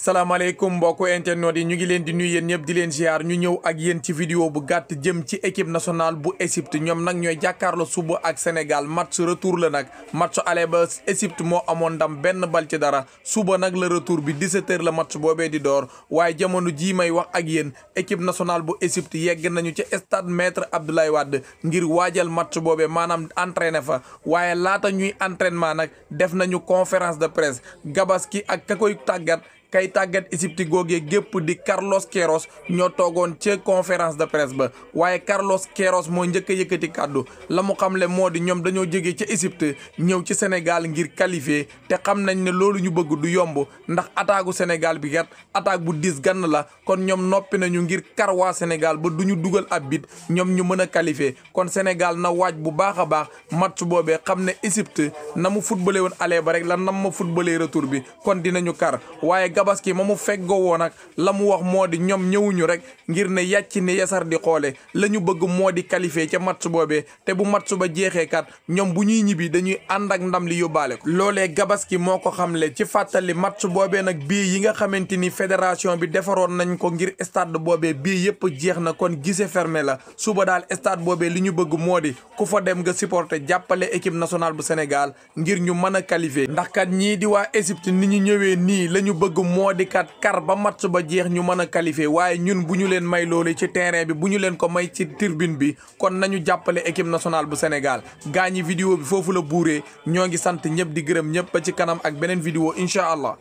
salaamaaleykum mbokku internet yi ñu ngi leen di nuyu yéen ñëpp di leen ziar ñu ñëw ak yéen ci vidéo bu gàtt jëm ci équipe nationale bu Égypte ñoom nag ñooy jàkkaarloo suba ak Sénégal match retour la nag match ale ba Égypte moo amoon ndam benn bal ci dara suba nag la retour bi 17h la match boobee di door waaye jamono jii may wax ak yéen équipe nationale bu Égypte yegg nañu ci stade maître Abdoulaye Wade ngir waajal match boobee maanaam entraîné fa waaye laata ñuy entraînement nag def nañu conférence de presse Gabaski ak koy tàggat. kay tàggat Égypte googee gépp di Carlos keros ñoo toogoon ca conférence de presse ba waaye Carlos Queiroz moo njëkk a yëkkati kàddu la mu xamle moo di ñoom dañoo jógee ca Égypte ñëw ci Sénégal ngir qualifier te xam nañ ne loolu ñu bëgg du yomb ndax attaque gu Sénégal bi gat attaque bu diis gann la kon ñoom noppi nañu ngir kar waa Sénégal ba du ñu dugal ab bit ñoom ñu mën a qualifier kon Sénégal na waaj bu baax a baax match boobee xam ne Égypte na mu footballé woon aller ba rek la nam ma footballé retour bi kon dinañu kar gabaski ma mu feggoo woon ak la mu wax moo di ñoom ñëwuñu rek ngir ne yàcc ne yasar di la ñu bëgg moo di qualifié ca match boobee te bu match ba jeexee kat ñoom bu ñuy ñibbi dañuy ànd ak ndam li yóbbaale ko loolee gabaski moo ko xamle ci fàttali match boobee nag bii yi nga xamante ni fédération bi defaroon nañ ko ngir stade boobe bii yëpp jeex na kon gise fermé la suba daal stade boobe li ñu bëgg moo di ku fa dem nga supporter jàppale équipe nationale bu Sénégal ngir ñu mën a ndax kat ñii di waa Égypte ni ñu ñëwee nii la bëgg moo di kat kar ba match ba jeex ñu mën a qualifier waaye ñun bu ñu leen may loolu ci terrain bi bu ñu leen ko may ci tribune bi kon nañu jàppale équipe nationale bu Sénégal gaañi vidéo bi foofu la buuree ñoo ngi sant ñëpp di gërëm ñëpp ba ci kanam ak beneen vidéo incha allah